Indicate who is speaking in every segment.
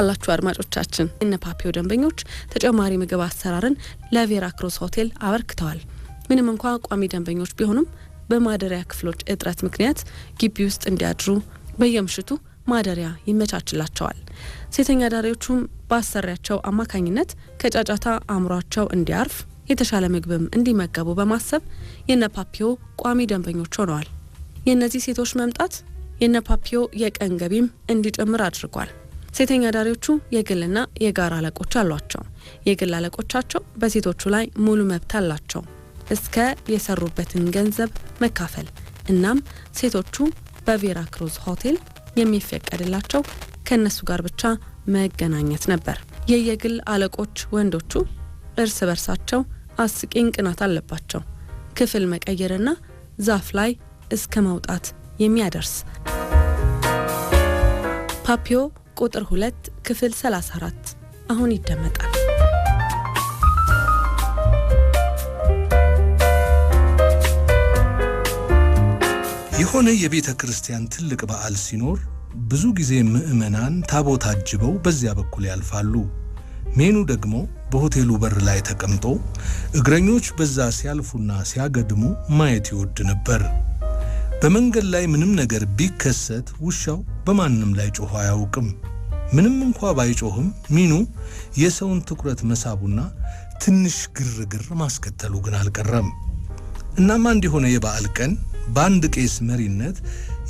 Speaker 1: አላችሁ አድማጮቻችን እነ ፓፒዮ ደንበኞች ተጨማሪ ምግብ አሰራርን ለቬራ ክሮስ ሆቴል አበርክተዋል። ምንም እንኳ ቋሚ ደንበኞች ቢሆኑም በማደሪያ ክፍሎች እጥረት ምክንያት ግቢ ውስጥ እንዲያድሩ በየምሽቱ ማደሪያ ይመቻችላቸዋል። ሴተኛ አዳሪዎቹም በአሰሪያቸው አማካኝነት ከጫጫታ አእምሯቸው እንዲያርፍ የተሻለ ምግብም እንዲመገቡ በማሰብ የነ ፓፒዮ ቋሚ ደንበኞች ሆነዋል። የእነዚህ ሴቶች መምጣት የነ ፓፒዮ የቀን ገቢም እንዲጨምር አድርጓል። ሴተኛ አዳሪዎቹ የግልና የጋራ አለቆች አሏቸው። የግል አለቆቻቸው በሴቶቹ ላይ ሙሉ መብት አላቸው፣ እስከ የሰሩበትን ገንዘብ መካፈል። እናም ሴቶቹ በቬራ ክሩዝ ሆቴል የሚፈቀድላቸው ከእነሱ ጋር ብቻ መገናኘት ነበር። የየግል አለቆች ወንዶቹ እርስ በርሳቸው አስቂኝ ቅናት አለባቸው፣ ክፍል መቀየርና ዛፍ ላይ እስከ መውጣት የሚያደርስ ፓፒዮ ቁጥር 2 ክፍል 34 አሁን ይደመጣል።
Speaker 2: የሆነ የቤተ ክርስቲያን ትልቅ በዓል ሲኖር ብዙ ጊዜ ምዕመናን ታቦት አጅበው በዚያ በኩል ያልፋሉ። ሜኑ ደግሞ በሆቴሉ በር ላይ ተቀምጦ እግረኞች በዛ ሲያልፉና ሲያገድሙ ማየት ይወድ ነበር። በመንገድ ላይ ምንም ነገር ቢከሰት ውሻው በማንም ላይ ጮኾ አያውቅም። ምንም እንኳ ባይጮህም ሚኑ የሰውን ትኩረት መሳቡና ትንሽ ግርግር ማስከተሉ ግን አልቀረም። እናም አንድ የሆነ የበዓል ቀን በአንድ ቄስ መሪነት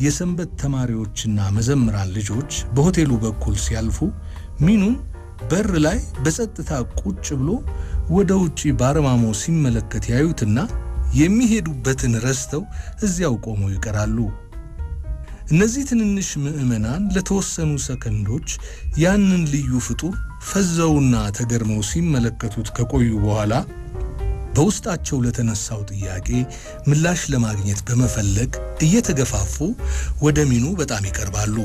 Speaker 2: የሰንበት ተማሪዎችና መዘምራን ልጆች በሆቴሉ በኩል ሲያልፉ ሚኑን በር ላይ በጸጥታ ቁጭ ብሎ ወደ ውጪ ባረማሞ ሲመለከት ያዩትና የሚሄዱበትን ረስተው እዚያው ቆመው ይቀራሉ። እነዚህ ትንንሽ ምዕመናን ለተወሰኑ ሰከንዶች ያንን ልዩ ፍጡር ፈዘውና ተገርመው ሲመለከቱት ከቆዩ በኋላ በውስጣቸው ለተነሳው ጥያቄ ምላሽ ለማግኘት በመፈለግ እየተገፋፉ ወደ ሚኑ በጣም ይቀርባሉ።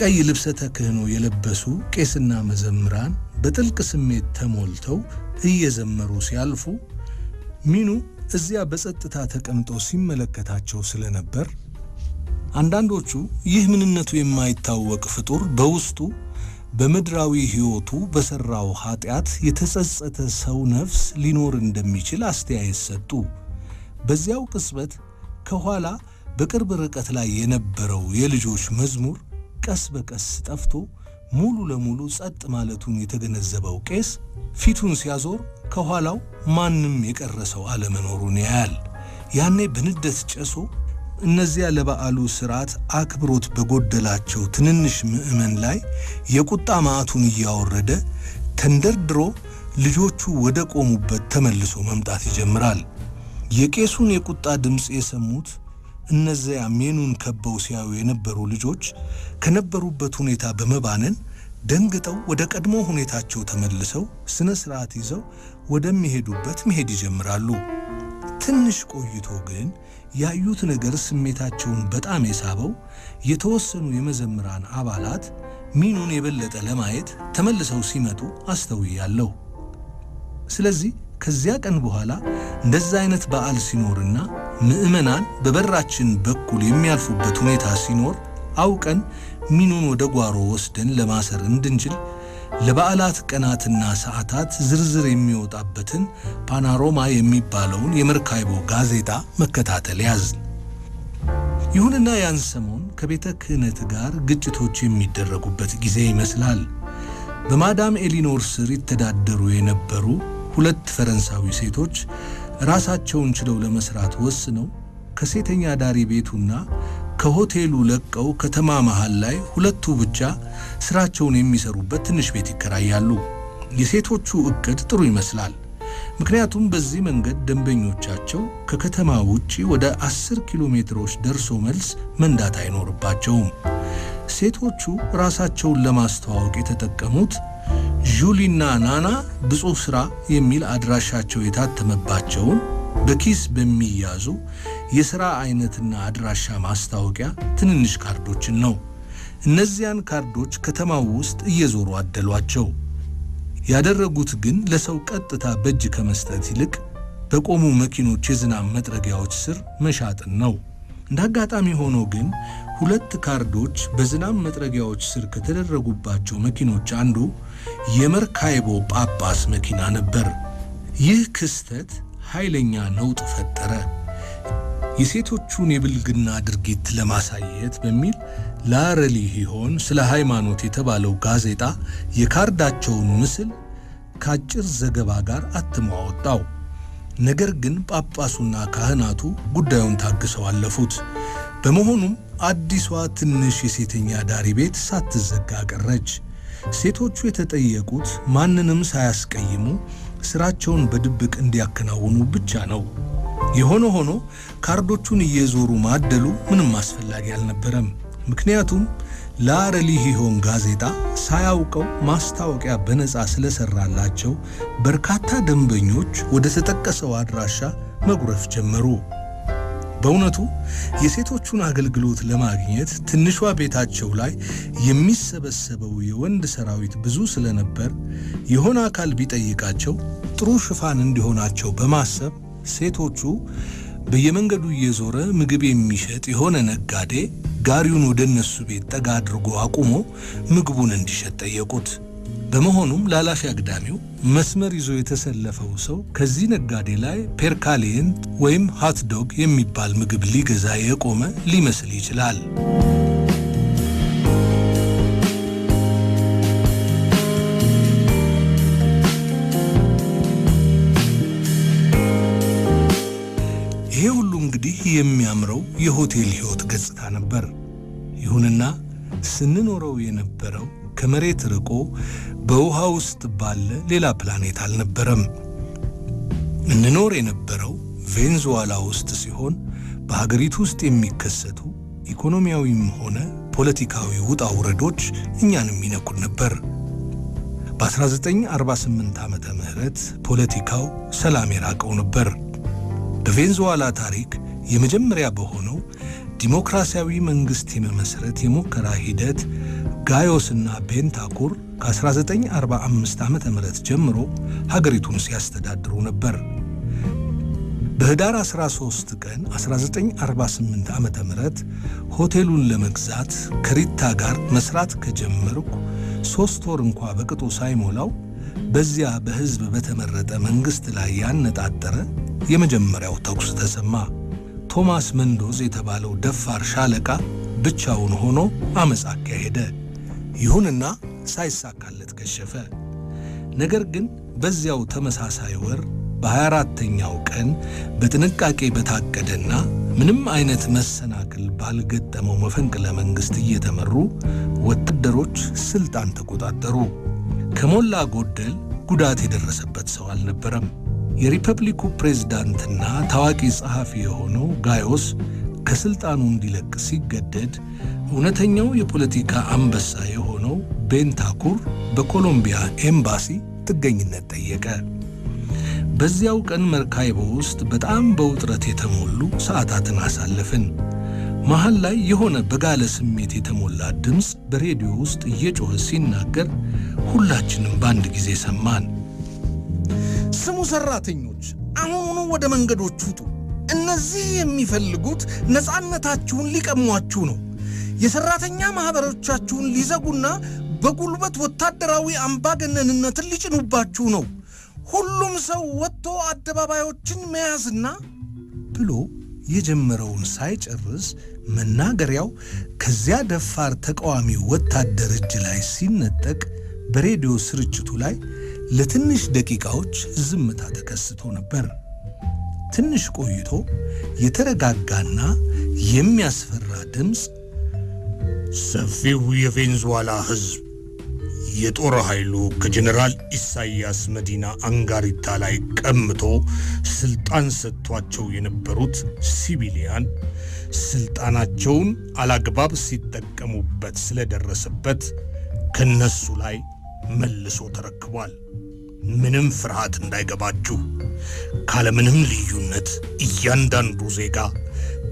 Speaker 2: ቀይ ልብሰ ተክህኖ የለበሱ ቄስና መዘምራን በጥልቅ ስሜት ተሞልተው እየዘመሩ ሲያልፉ ሚኑ እዚያ በጸጥታ ተቀምጦ ሲመለከታቸው ስለነበር አንዳንዶቹ ይህ ምንነቱ የማይታወቅ ፍጡር በውስጡ በምድራዊ ሕይወቱ በሠራው ኃጢአት የተጸጸተ ሰው ነፍስ ሊኖር እንደሚችል አስተያየት ሰጡ። በዚያው ቅጽበት ከኋላ በቅርብ ርቀት ላይ የነበረው የልጆች መዝሙር ቀስ በቀስ ጠፍቶ ሙሉ ለሙሉ ጸጥ ማለቱን የተገነዘበው ቄስ ፊቱን ሲያዞር ከኋላው ማንም የቀረ ሰው አለመኖሩን ያያል። ያኔ በንደት ጨሶ እነዚያ ለበዓሉ ስርዓት አክብሮት በጎደላቸው ትንንሽ ምዕመን ላይ የቁጣ ማዕቱን እያወረደ ተንደርድሮ ልጆቹ ወደ ቆሙበት ተመልሶ መምጣት ይጀምራል። የቄሱን የቁጣ ድምፅ የሰሙት እነዚያ ሜኑን ከበው ሲያዩ የነበሩ ልጆች ከነበሩበት ሁኔታ በመባነን ደንግጠው ወደ ቀድሞ ሁኔታቸው ተመልሰው ስነ ስርዓት ይዘው ወደሚሄዱበት መሄድ ይጀምራሉ። ትንሽ ቆይቶ ግን ያዩት ነገር ስሜታቸውን በጣም የሳበው የተወሰኑ የመዘምራን አባላት ሚኑን የበለጠ ለማየት ተመልሰው ሲመጡ አስተውያለሁ። ስለዚህ ከዚያ ቀን በኋላ እንደዛ አይነት በዓል ሲኖርና ምዕመናን በበራችን በኩል የሚያልፉበት ሁኔታ ሲኖር አውቀን ሚኑን ወደ ጓሮ ወስደን ለማሰር እንድንችል ለበዓላት ቀናትና ሰዓታት ዝርዝር የሚወጣበትን ፓናሮማ የሚባለውን የመርካይቦ ጋዜጣ መከታተል ያዝን። ይሁንና ያን ሰሞን ከቤተ ክህነት ጋር ግጭቶች የሚደረጉበት ጊዜ ይመስላል። በማዳም ኤሊኖር ስር ይተዳደሩ የነበሩ ሁለት ፈረንሳዊ ሴቶች ራሳቸውን ችለው ለመስራት ወስነው ከሴተኛ ዳሪ ቤቱና ከሆቴሉ ለቀው ከተማ መሃል ላይ ሁለቱ ብቻ ስራቸውን የሚሰሩበት ትንሽ ቤት ይከራያሉ። የሴቶቹ እቅድ ጥሩ ይመስላል። ምክንያቱም በዚህ መንገድ ደንበኞቻቸው ከከተማ ውጪ ወደ 10 ኪሎ ሜትሮች ደርሶ መልስ መንዳት አይኖርባቸውም። ሴቶቹ ራሳቸውን ለማስተዋወቅ የተጠቀሙት ዡሊና ናና ብፁዕ ሥራ የሚል አድራሻቸው የታተመባቸውን በኪስ በሚያዙ የሥራ አይነትና አድራሻ ማስታወቂያ ትንንሽ ካርዶችን ነው። እነዚያን ካርዶች ከተማው ውስጥ እየዞሩ አደሏቸው። ያደረጉት ግን ለሰው ቀጥታ በእጅ ከመስጠት ይልቅ በቆሙ መኪኖች የዝናብ መጥረጊያዎች ስር መሻጥን ነው። እንደ አጋጣሚ ሆኖ ግን ሁለት ካርዶች በዝናብ መጥረጊያዎች ስር ከተደረጉባቸው መኪኖች አንዱ የመርካይቦ ጳጳስ መኪና ነበር። ይህ ክስተት ኃይለኛ ነውጥ ፈጠረ። የሴቶቹን የብልግና ድርጊት ለማሳየት በሚል ላረሊ ሆን ስለ ሃይማኖት የተባለው ጋዜጣ የካርዳቸውን ምስል ከአጭር ዘገባ ጋር አትሞ አወጣው። ነገር ግን ጳጳሱና ካህናቱ ጉዳዩን ታግሰው አለፉት። በመሆኑም አዲሷ ትንሽ የሴተኛ ዳሪ ቤት ሳትዘጋ ቀረች። ሴቶቹ የተጠየቁት ማንንም ሳያስቀይሙ ስራቸውን በድብቅ እንዲያከናውኑ ብቻ ነው። የሆነ ሆኖ ካርዶቹን እየዞሩ ማደሉ ምንም አስፈላጊ አልነበረም። ምክንያቱም ለአረሊ ሂሆን ጋዜጣ ሳያውቀው ማስታወቂያ በነፃ ስለሰራላቸው በርካታ ደንበኞች ወደ ተጠቀሰው አድራሻ መጉረፍ ጀመሩ። በእውነቱ የሴቶቹን አገልግሎት ለማግኘት ትንሿ ቤታቸው ላይ የሚሰበሰበው የወንድ ሰራዊት ብዙ ስለነበር የሆነ አካል ቢጠይቃቸው ጥሩ ሽፋን እንዲሆናቸው በማሰብ ሴቶቹ በየመንገዱ እየዞረ ምግብ የሚሸጥ የሆነ ነጋዴ ጋሪውን ወደ እነሱ ቤት ጠጋ አድርጎ አቁሞ ምግቡን እንዲሸጥ ጠየቁት። በመሆኑም ላላፊ አግዳሚው መስመር ይዞ የተሰለፈው ሰው ከዚህ ነጋዴ ላይ ፔርካሌንት ወይም ሃትዶግ የሚባል ምግብ ሊገዛ የቆመ ሊመስል ይችላል። የሚያምረው የሆቴል ሕይወት ገጽታ ነበር። ይሁንና ስንኖረው የነበረው ከመሬት ርቆ በውሃ ውስጥ ባለ ሌላ ፕላኔት አልነበረም። እንኖር የነበረው ቬንዙዋላ ውስጥ ሲሆን በሀገሪቱ ውስጥ የሚከሰቱ ኢኮኖሚያዊም ሆነ ፖለቲካዊ ውጣ ውረዶች እኛንም ይነኩን ነበር። በ1948 ዓመተ ምህረት ፖለቲካው ሰላም የራቀው ነበር። በቬንዙዋላ ታሪክ የመጀመሪያ በሆነው ዲሞክራሲያዊ መንግሥት የመመሠረት የሙከራ ሂደት ጋዮስና ቤንታኩር ከ1945 ዓ ም ጀምሮ ሀገሪቱን ሲያስተዳድሩ ነበር። በህዳር 13 ቀን 1948 ዓ ም ሆቴሉን ለመግዛት ከሪታ ጋር መስራት ከጀመርኩ ሦስት ወር እንኳ በቅጡ ሳይሞላው በዚያ በሕዝብ በተመረጠ መንግሥት ላይ ያነጣጠረ የመጀመሪያው ተኩስ ተሰማ። ቶማስ መንዶዝ የተባለው ደፋር ሻለቃ ብቻውን ሆኖ አመፅ አካሄደ። ይሁንና ሳይሳካለት ከሸፈ። ነገር ግን በዚያው ተመሳሳይ ወር በ24ተኛው ቀን በጥንቃቄ በታቀደና ምንም አይነት መሰናክል ባልገጠመው መፈንቅለ መንግሥት እየተመሩ ወታደሮች ስልጣን ተቆጣጠሩ። ከሞላ ጎደል ጉዳት የደረሰበት ሰው አልነበረም። የሪፐብሊኩ ፕሬዝዳንትና ታዋቂ ጸሐፊ የሆነው ጋዮስ ከሥልጣኑ እንዲለቅ ሲገደድ እውነተኛው የፖለቲካ አንበሳ የሆነው ቤንታኩር በኮሎምቢያ ኤምባሲ ጥገኝነት ጠየቀ። በዚያው ቀን መርካይቦ ውስጥ በጣም በውጥረት የተሞሉ ሰዓታትን አሳለፍን። መሃል ላይ የሆነ በጋለ ስሜት የተሞላ ድምፅ በሬዲዮ ውስጥ እየጮኸ ሲናገር ሁላችንም በአንድ ጊዜ ሰማን። ስሙ ሠራተኞች፣ አሁኑ ወደ መንገዶች ውጡ። እነዚህ የሚፈልጉት ነፃነታችሁን ሊቀሟችሁ ነው። የሠራተኛ ማኅበሮቻችሁን ሊዘጉና በጉልበት ወታደራዊ አምባገነንነትን ሊጭኑባችሁ ነው። ሁሉም ሰው ወጥቶ አደባባዮችን መያዝና ብሎ የጀመረውን ሳይጨርስ መናገሪያው ከዚያ ደፋር ተቃዋሚ ወታደር እጅ ላይ ሲነጠቅ በሬዲዮ ስርጭቱ ላይ ለትንሽ ደቂቃዎች ዝምታ ተከስቶ ነበር። ትንሽ ቆይቶ የተረጋጋና የሚያስፈራ ድምፅ ሰፊው የቬንዙዋላ ሕዝብ የጦር ኃይሉ ከጀኔራል ኢሳያስ መዲና አንጋሪታ ላይ ቀምቶ ስልጣን ሰጥቷቸው የነበሩት ሲቪሊያን ስልጣናቸውን አላግባብ ሲጠቀሙበት ስለደረሰበት ከነሱ ላይ መልሶ ተረክቧል። ምንም ፍርሃት እንዳይገባችሁ። ካለምንም ልዩነት እያንዳንዱ ዜጋ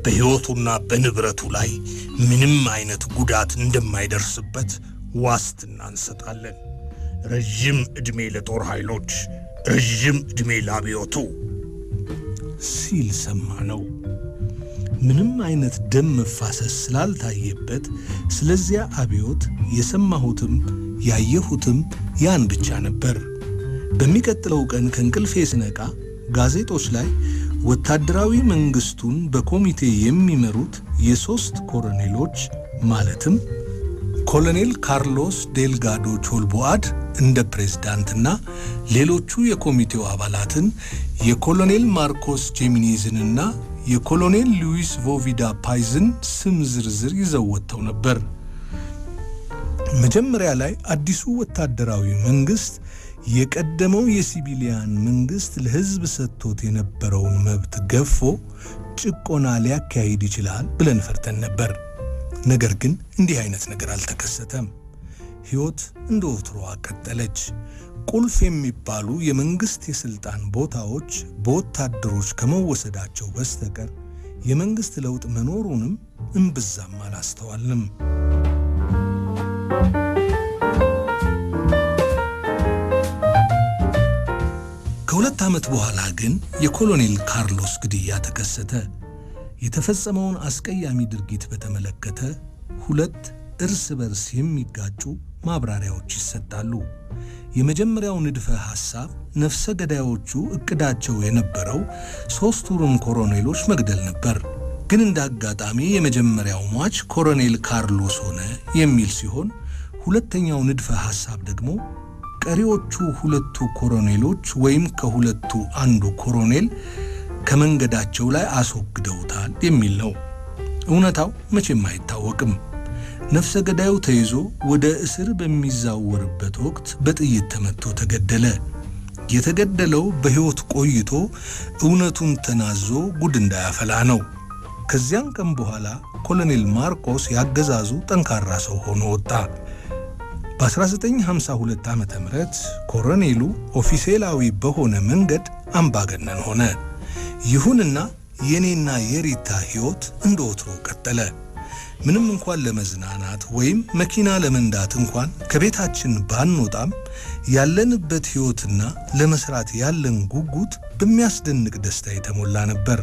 Speaker 2: በሕይወቱና በንብረቱ ላይ ምንም አይነት ጉዳት እንደማይደርስበት ዋስትና እንሰጣለን። ረዥም ዕድሜ ለጦር ኃይሎች፣ ረዥም ዕድሜ ለአብዮቱ ሲል ሰማ ነው። ምንም አይነት ደም መፋሰስ ስላልታየበት ስለዚያ አብዮት የሰማሁትም ያየሁትም ያን ብቻ ነበር። በሚቀጥለው ቀን ከእንቅልፌ ስነቃ ጋዜጦች ላይ ወታደራዊ መንግስቱን በኮሚቴ የሚመሩት የሶስት ኮሎኔሎች ማለትም ኮሎኔል ካርሎስ ዴልጋዶ ቾልቦአድ እንደ ፕሬዝዳንትና ሌሎቹ የኮሚቴው አባላትን የኮሎኔል ማርኮስ ጄሚኒዝንና የኮሎኔል ሉዊስ ቮቪዳ ፓይዝን ስም ዝርዝር ይዘው ወጥተው ነበር። መጀመሪያ ላይ አዲሱ ወታደራዊ መንግስት የቀደመው የሲቪሊያን መንግስት ለህዝብ ሰጥቶት የነበረውን መብት ገፎ ጭቆና ሊያካሂድ ይችላል ብለን ፈርተን ነበር። ነገር ግን እንዲህ አይነት ነገር አልተከሰተም። ሕይወት እንደ ወትሮዋ ቀጠለች። ቁልፍ የሚባሉ የመንግስት የስልጣን ቦታዎች በወታደሮች ከመወሰዳቸው በስተቀር የመንግስት ለውጥ መኖሩንም እምብዛም አላስተዋልንም። ከሁለት ዓመት በኋላ ግን የኮሎኔል ካርሎስ ግድያ ተከሰተ። የተፈጸመውን አስቀያሚ ድርጊት በተመለከተ ሁለት እርስ በርስ የሚጋጩ ማብራሪያዎች ይሰጣሉ። የመጀመሪያው ንድፈ ሐሳብ ነፍሰ ገዳዮቹ እቅዳቸው የነበረው ሦስቱንም ኮሎኔሎች መግደል ነበር፣ ግን እንደ አጋጣሚ የመጀመሪያው ሟች ኮሎኔል ካርሎስ ሆነ የሚል ሲሆን ሁለተኛው ንድፈ ሐሳብ ደግሞ ቀሪዎቹ ሁለቱ ኮሎኔሎች ወይም ከሁለቱ አንዱ ኮሎኔል ከመንገዳቸው ላይ አስወግደውታል የሚል ነው። እውነታው መቼም አይታወቅም። ነፍሰ ገዳዩ ተይዞ ወደ እስር በሚዛወርበት ወቅት በጥይት ተመትቶ ተገደለ። የተገደለው በሕይወት ቆይቶ እውነቱን ተናዞ ጉድ እንዳያፈላ ነው። ከዚያን ቀን በኋላ ኮሎኔል ማርቆስ ያገዛዙ ጠንካራ ሰው ሆኖ ወጣ። በ1952 ዓ ም ኮሎኔሉ ኦፊሴላዊ በሆነ መንገድ አምባገነን ሆነ። ይሁንና የኔና የሪታ ሕይወት እንደ ወትሮ ቀጠለ። ምንም እንኳን ለመዝናናት ወይም መኪና ለመንዳት እንኳን ከቤታችን ባንወጣም ያለንበት ሕይወትና ለመስራት ያለን ጉጉት በሚያስደንቅ ደስታ የተሞላ ነበር።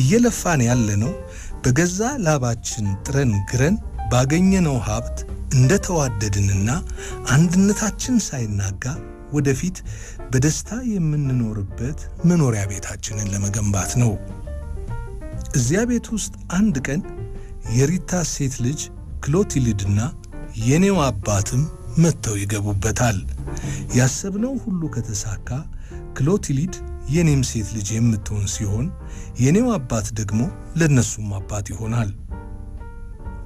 Speaker 2: እየለፋን ያለነው በገዛ ላባችን ጥረን ግረን ባገኘነው ሀብት እንደተዋደድንና አንድነታችን ሳይናጋ ወደፊት በደስታ የምንኖርበት መኖሪያ ቤታችንን ለመገንባት ነው። እዚያ ቤት ውስጥ አንድ ቀን የሪታ ሴት ልጅ ክሎቲልድና የኔው አባትም መጥተው ይገቡበታል። ያሰብነው ሁሉ ከተሳካ ክሎቲሊድ የኔም ሴት ልጅ የምትሆን ሲሆን የኔው አባት ደግሞ ለነሱም አባት ይሆናል።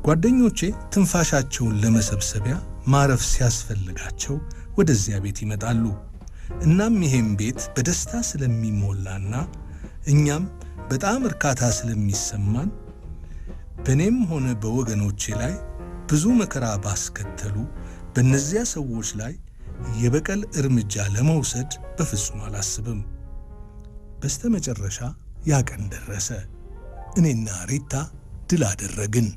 Speaker 2: ጓደኞቼ ትንፋሻቸውን ለመሰብሰቢያ ማረፍ ሲያስፈልጋቸው ወደዚያ ቤት ይመጣሉ። እናም ይሄም ቤት በደስታ ስለሚሞላና እኛም በጣም እርካታ ስለሚሰማን በእኔም ሆነ በወገኖቼ ላይ ብዙ መከራ ባስከተሉ በእነዚያ ሰዎች ላይ የበቀል እርምጃ ለመውሰድ በፍጹም አላስብም። በስተመጨረሻ ያ ቀን ደረሰ። እኔና ሪታ ድል አደረግን።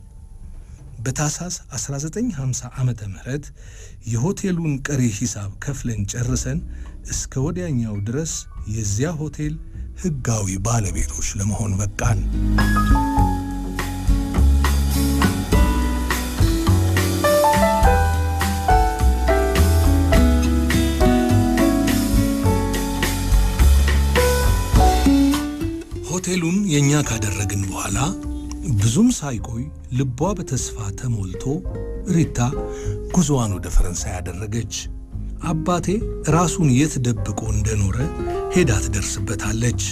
Speaker 2: በታሳስ 1950 ዓመተ ምህረት የሆቴሉን ቀሪ ሂሳብ ከፍለን ጨርሰን እስከ ወዲያኛው ድረስ የዚያ ሆቴል ሕጋዊ ባለቤቶች ለመሆን በቃን። ሆቴሉን የእኛ ካደረግን በኋላ ብዙም ሳይቆይ ልቧ በተስፋ ተሞልቶ ሪታ ጉዞዋን ወደ ፈረንሳይ አደረገች። አባቴ ራሱን የት ደብቆ እንደኖረ ሄዳ ትደርስበታለች።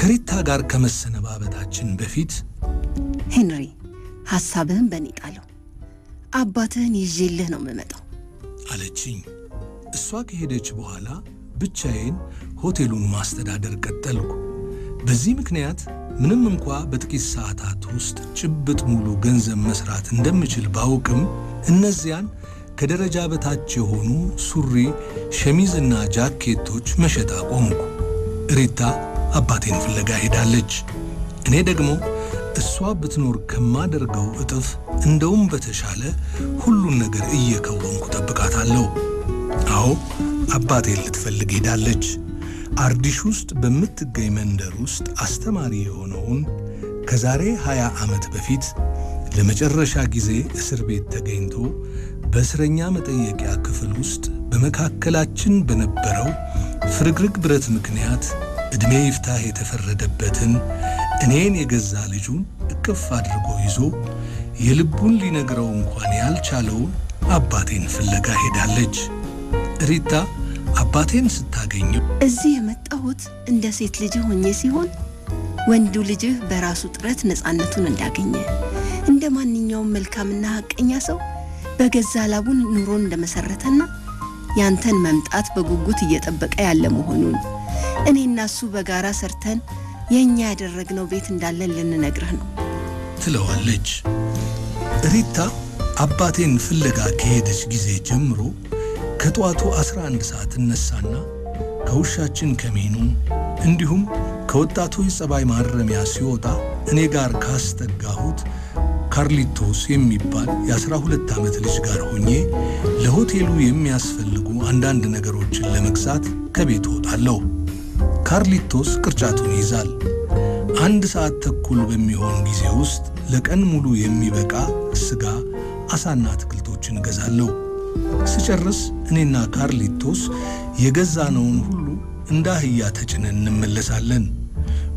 Speaker 2: ከሪታ ጋር ከመሰነባበታችን በፊት
Speaker 3: ሄንሪ፣ ሐሳብህን በእኔ ጣለው። አባትህን ይዤልህ ነው የምመጣው
Speaker 2: አለችኝ። እሷ ከሄደች በኋላ ብቻዬን ሆቴሉን ማስተዳደር ቀጠልኩ። በዚህ ምክንያት ምንም እንኳ በጥቂት ሰዓታት ውስጥ ጭብጥ ሙሉ ገንዘብ መስራት እንደምችል ባውቅም እነዚያን ከደረጃ በታች የሆኑ ሱሪ፣ ሸሚዝና ጃኬቶች መሸጥ አቆምኩ። ሪታ አባቴን ፍለጋ ሄዳለች። እኔ ደግሞ እሷ ብትኖር ከማደርገው እጥፍ እንደውም በተሻለ ሁሉን ነገር እየከወንኩ ጠብቃታለሁ። አዎ አባቴን ልትፈልግ ሄዳለች። አርዲሽ ውስጥ በምትገኝ መንደር ውስጥ አስተማሪ የሆነውን ከዛሬ 20 ዓመት በፊት ለመጨረሻ ጊዜ እስር ቤት ተገኝቶ በእስረኛ መጠየቂያ ክፍል ውስጥ በመካከላችን በነበረው ፍርግርግ ብረት ምክንያት ዕድሜ ይፍታህ የተፈረደበትን እኔን የገዛ ልጁን እቅፍ አድርጎ ይዞ የልቡን ሊነግረው እንኳን ያልቻለውን አባቴን ፍለጋ ሄዳለች ሪታ አባቴን ስታገኙ
Speaker 3: እዚህ የመጣሁት እንደ ሴት ልጅ ሆኜ ሲሆን ወንዱ ልጅህ በራሱ ጥረት ነፃነቱን እንዳገኘ እንደ ማንኛውም መልካምና ሀቀኛ ሰው በገዛ ላቡን ኑሮን እንደመሰረተና ያንተን መምጣት በጉጉት እየጠበቀ ያለ መሆኑን እኔና እሱ በጋራ ሰርተን የእኛ ያደረግነው ቤት እንዳለን ልንነግርህ ነው
Speaker 2: ትለዋለች ሪታ። አባቴን ፍለጋ ከሄደች ጊዜ ጀምሮ ከጠዋቱ 11 ሰዓት እነሳና ከውሻችን ከሜኑ እንዲሁም ከወጣቱ የጸባይ ማረሚያ ሲወጣ እኔ ጋር ካስጠጋሁት ካርሊቶስ የሚባል የ12 ዓመት ልጅ ጋር ሆኜ ለሆቴሉ የሚያስፈልጉ አንዳንድ ነገሮችን ለመግዛት ከቤት ወጣለሁ። ካርሊቶስ ቅርጫቱን ይይዛል። አንድ ሰዓት ተኩል በሚሆን ጊዜ ውስጥ ለቀን ሙሉ የሚበቃ ስጋ አሳና አትክልቶችን እገዛለሁ። ስጨርስ እኔና ካርሊቶስ የገዛነውን ሁሉ እንደ አህያ ተጭነን እንመለሳለን።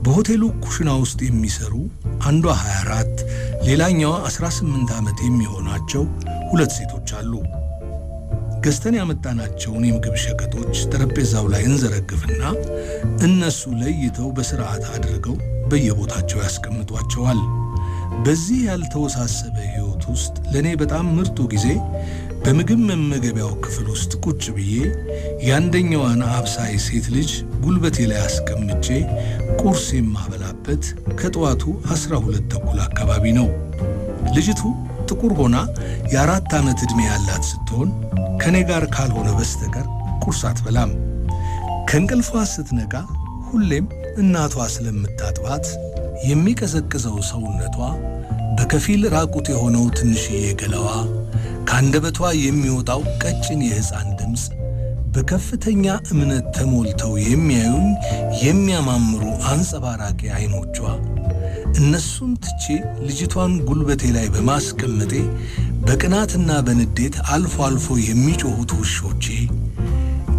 Speaker 2: በሆቴሉ ኩሽና ውስጥ የሚሰሩ አንዷ 24 ሌላኛዋ 18 ዓመት የሚሆናቸው ሁለት ሴቶች አሉ። ገዝተን ያመጣናቸውን የምግብ ሸቀጦች ጠረጴዛው ላይ እንዘረግፍና እነሱ ለይተው በሥርዓት አድርገው በየቦታቸው ያስቀምጧቸዋል። በዚህ ያልተወሳሰበ ሕይወት ውስጥ ለእኔ በጣም ምርጡ ጊዜ በምግብ መመገቢያው ክፍል ውስጥ ቁጭ ብዬ የአንደኛዋን አብሳይ ሴት ልጅ ጉልበቴ ላይ አስቀምጬ ቁርስ የማበላበት ከጠዋቱ አስራ ሁለት ተኩል አካባቢ ነው። ልጅቱ ጥቁር ሆና የአራት ዓመት ዕድሜ ያላት ስትሆን ከእኔ ጋር ካልሆነ በስተቀር ቁርስ አትበላም። ከእንቅልፏ ስትነቃ ሁሌም እናቷ ስለምታጥባት የሚቀዘቅዘው ሰውነቷ፣ በከፊል ራቁት የሆነው ትንሽዬ ገላዋ ከአንደበቷ የሚወጣው ቀጭን የሕፃን ድምፅ በከፍተኛ እምነት ተሞልተው የሚያዩን የሚያማምሩ አንጸባራቂ ዐይኖቿ እነሱን ትቼ ልጅቷን ጉልበቴ ላይ በማስቀመጤ በቅናትና በንዴት አልፎ አልፎ የሚጮሁት ውሾቼ፣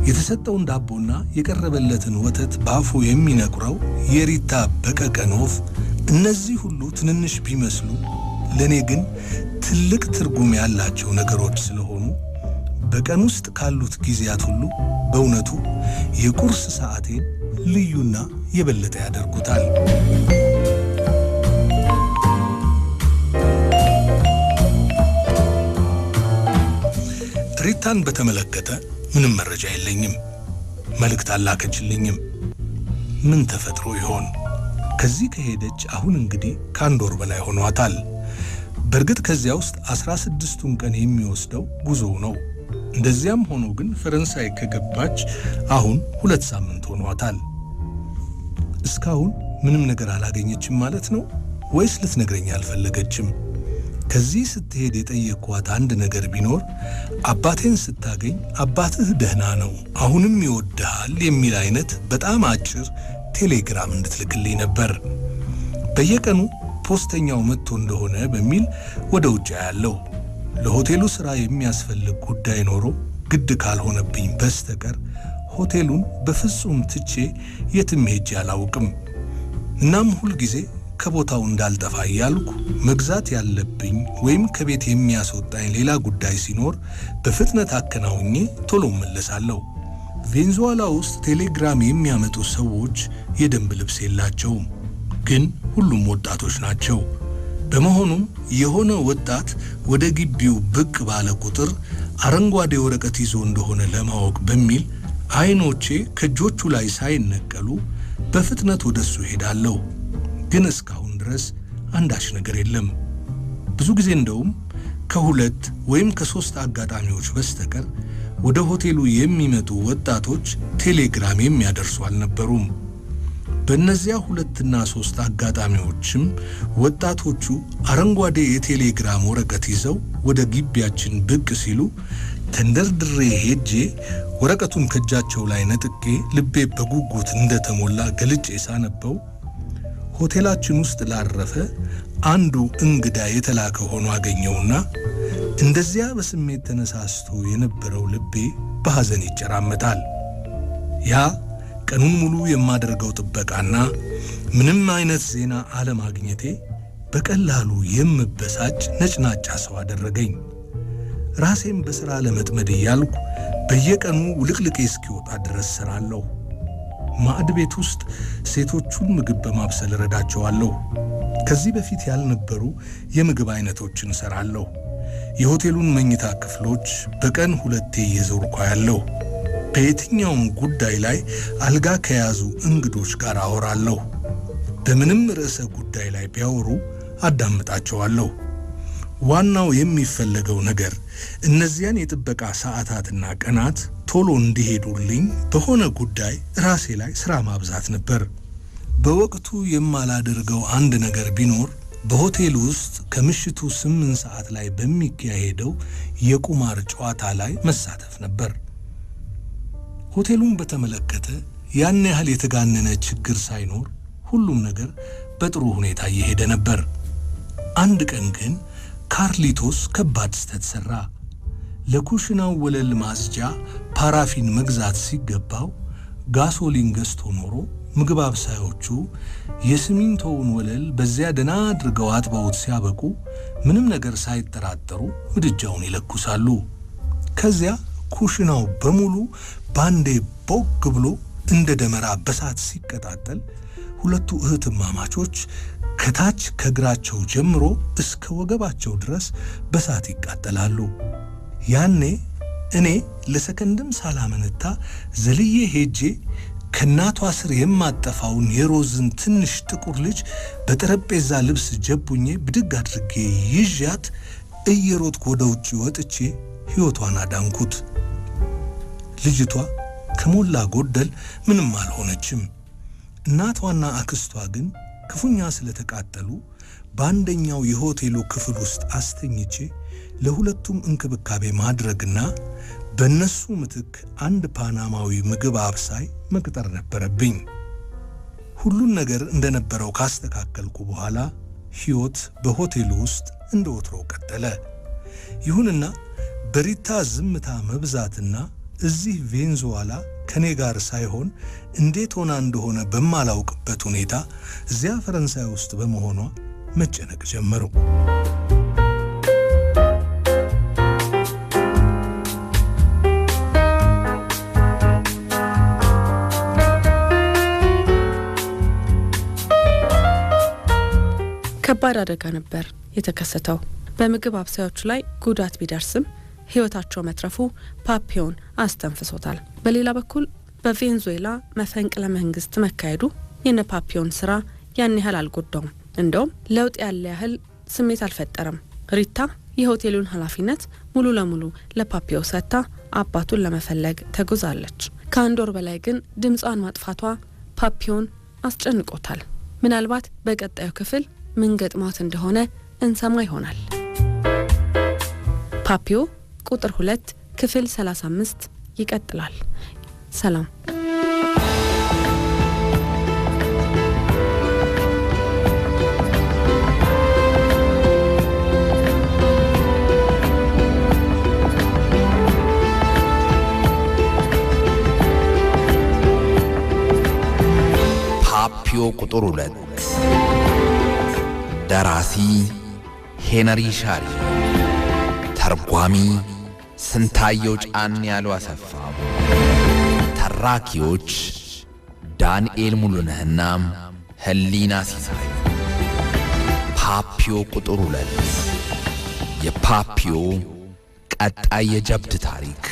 Speaker 2: የተሰጠውን ዳቦና የቀረበለትን ወተት በአፉ የሚነቁረው የሪታ በቀቀን ወፍ፣ እነዚህ ሁሉ ትንንሽ ቢመስሉ ለእኔ ግን ትልቅ ትርጉም ያላቸው ነገሮች ስለሆኑ በቀን ውስጥ ካሉት ጊዜያት ሁሉ በእውነቱ የቁርስ ሰዓቴን ልዩና የበለጠ ያደርጉታል። ሪታን በተመለከተ ምንም መረጃ የለኝም። መልእክት አላከችልኝም። ምን ተፈጥሮ ይሆን? ከዚህ ከሄደች አሁን እንግዲህ ከአንድ ወር በላይ ሆኗታል። በእርግጥ ከዚያ ውስጥ አስራ ስድስቱን ቀን የሚወስደው ጉዞ ነው። እንደዚያም ሆኖ ግን ፈረንሳይ ከገባች አሁን ሁለት ሳምንት ሆኗታል። እስካሁን ምንም ነገር አላገኘችም ማለት ነው ወይስ ልትነግረኝ አልፈለገችም? ከዚህ ስትሄድ የጠየቅኳት አንድ ነገር ቢኖር አባቴን ስታገኝ አባትህ ደህና ነው፣ አሁንም ይወድሃል የሚል አይነት በጣም አጭር ቴሌግራም እንድትልክልኝ ነበር። በየቀኑ ሶስተኛው መጥቶ እንደሆነ በሚል ወደ ውጭ ያለው ለሆቴሉ ሥራ የሚያስፈልግ ጉዳይ ኖሮ ግድ ካልሆነብኝ በስተቀር ሆቴሉን በፍጹም ትቼ የትም ሄጄ አላውቅም። እናም ሁልጊዜ ከቦታው እንዳልጠፋ እያልኩ መግዛት ያለብኝ ወይም ከቤት የሚያስወጣኝ ሌላ ጉዳይ ሲኖር በፍጥነት አከናውኜ ቶሎ መለሳለሁ። ቬንዙዋላ ውስጥ ቴሌግራም የሚያመጡ ሰዎች የደንብ ልብስ የላቸውም። ግን ሁሉም ወጣቶች ናቸው። በመሆኑም የሆነ ወጣት ወደ ግቢው ብቅ ባለ ቁጥር አረንጓዴ ወረቀት ይዞ እንደሆነ ለማወቅ በሚል አይኖቼ ከእጆቹ ላይ ሳይነቀሉ በፍጥነት ወደ እሱ ሄዳለሁ። ግን እስካሁን ድረስ አንዳች ነገር የለም። ብዙ ጊዜ እንደውም ከሁለት ወይም ከሦስት አጋጣሚዎች በስተቀር ወደ ሆቴሉ የሚመጡ ወጣቶች ቴሌግራም የሚያደርሱ አልነበሩም። በእነዚያ ሁለትና ሶስት አጋጣሚዎችም ወጣቶቹ አረንጓዴ የቴሌግራም ወረቀት ይዘው ወደ ግቢያችን ብቅ ሲሉ ተንደርድሬ ሄጄ ወረቀቱን ከእጃቸው ላይ ነጥቄ ልቤ በጉጉት እንደተሞላ ገልጬ ሳነበው ሆቴላችን ውስጥ ላረፈ አንዱ እንግዳ የተላከ ሆኖ አገኘውና እንደዚያ በስሜት ተነሳስቶ የነበረው ልቤ በሐዘን ይጨራመታል። ያ ቀኑን ሙሉ የማደርገው ጥበቃና ምንም አይነት ዜና አለማግኘቴ በቀላሉ የምበሳጭ ነጭናጫ ሰው አደረገኝ። ራሴን በሥራ ለመጥመድ እያልኩ በየቀኑ ውልቅልቄ እስኪወጣ ድረስ ሥራለሁ። ማዕድ ቤት ውስጥ ሴቶቹን ምግብ በማብሰል እረዳቸዋለሁ። ከዚህ በፊት ያልነበሩ የምግብ አይነቶችን እሠራለሁ። የሆቴሉን መኝታ ክፍሎች በቀን ሁለቴ እየዞርኩ ያለሁ በየትኛውም ጉዳይ ላይ አልጋ ከያዙ እንግዶች ጋር አወራለሁ። በምንም ርዕሰ ጉዳይ ላይ ቢያወሩ አዳምጣቸዋለሁ። ዋናው የሚፈለገው ነገር እነዚያን የጥበቃ ሰዓታትና ቀናት ቶሎ እንዲሄዱልኝ በሆነ ጉዳይ ራሴ ላይ ሥራ ማብዛት ነበር። በወቅቱ የማላደርገው አንድ ነገር ቢኖር በሆቴል ውስጥ ከምሽቱ ስምንት ሰዓት ላይ በሚካሄደው የቁማር ጨዋታ ላይ መሳተፍ ነበር። ሆቴሉን በተመለከተ ያን ያህል የተጋነነ ችግር ሳይኖር ሁሉም ነገር በጥሩ ሁኔታ እየሄደ ነበር። አንድ ቀን ግን ካርሊቶስ ከባድ ስተት ሠራ። ለኩሽናው ወለል ማጽጃ ፓራፊን መግዛት ሲገባው ጋሶሊን ገዝቶ ኖሮ ምግብ አብሳዮቹ የሲሚንቶውን ወለል በዚያ ደና አድርገው አጥበውት ሲያበቁ ምንም ነገር ሳይጠራጠሩ ምድጃውን ይለኩሳሉ። ከዚያ ኩሽናው በሙሉ ባንዴ ቦግ ብሎ እንደ ደመራ በሳት ሲቀጣጠል ሁለቱ እህትማማቾች ከታች ከእግራቸው ጀምሮ እስከ ወገባቸው ድረስ በሳት ይቃጠላሉ። ያኔ እኔ ለሰከንድም ሳላመነታ ዘልዬ ሄጄ ከእናቷ ስር የማጠፋውን የሮዝን ትንሽ ጥቁር ልጅ በጠረጴዛ ልብስ ጀቡኜ ብድግ አድርጌ ይዣት እየሮጥኩ ወደ ውጭ ወጥቼ ሕይወቷን አዳንኩት። ልጅቷ ከሞላ ጎደል ምንም አልሆነችም። እናቷና አክስቷ ግን ክፉኛ ስለተቃጠሉ በአንደኛው የሆቴሉ ክፍል ውስጥ አስተኝቼ ለሁለቱም እንክብካቤ ማድረግና በእነሱ ምትክ አንድ ፓናማዊ ምግብ አብሳይ መቅጠር ነበረብኝ። ሁሉን ነገር እንደነበረው ካስተካከልኩ በኋላ ሕይወት በሆቴሉ ውስጥ እንደ ወትሮው ቀጠለ። ይሁንና በሪታ ዝምታ መብዛትና እዚህ ቬንዙዋላ ከኔ ጋር ሳይሆን እንዴት ሆና እንደሆነ በማላውቅበት ሁኔታ እዚያ ፈረንሳይ ውስጥ በመሆኗ መጨነቅ ጀመሩ።
Speaker 1: ከባድ አደጋ ነበር የተከሰተው። በምግብ አብሳዮቹ ላይ ጉዳት ቢደርስም ህይወታቸው መትረፉ ፓፒዮን አስተንፍሶታል። በሌላ በኩል በቬንዙዌላ መፈንቅለ መንግስት መካሄዱ የነ ፓፒዮን ስራ ያን ያህል አልጎዳውም። እንደውም ለውጥ ያለ ያህል ስሜት አልፈጠረም። ሪታ የሆቴሉን ኃላፊነት ሙሉ ለሙሉ ለፓፒዮ ሰጥታ አባቱን ለመፈለግ ተጉዛለች። ከአንድ ወር በላይ ግን ድምጿን ማጥፋቷ ፓፒዮን አስጨንቆታል። ምናልባት በቀጣዩ ክፍል ምን ገጥሟት እንደሆነ እንሰማ ይሆናል። ፓፒዮ ቁጥር 2 ክፍል 35 ይቀጥላል። ሰላም። ፓፒዮ ቁጥር 2 ደራሲ ሄነሪ ሻሪ ተርጓሚ ስንታየው ጫን ያሉ አሰፋ፣ ተራኪዎች ዳንኤል ሙሉነህና ህሊና ሲሳይ፣ ፓፒዮ ቁጥር ሁለት የፓፒዮ ቀጣይ የጀብድ ታሪክ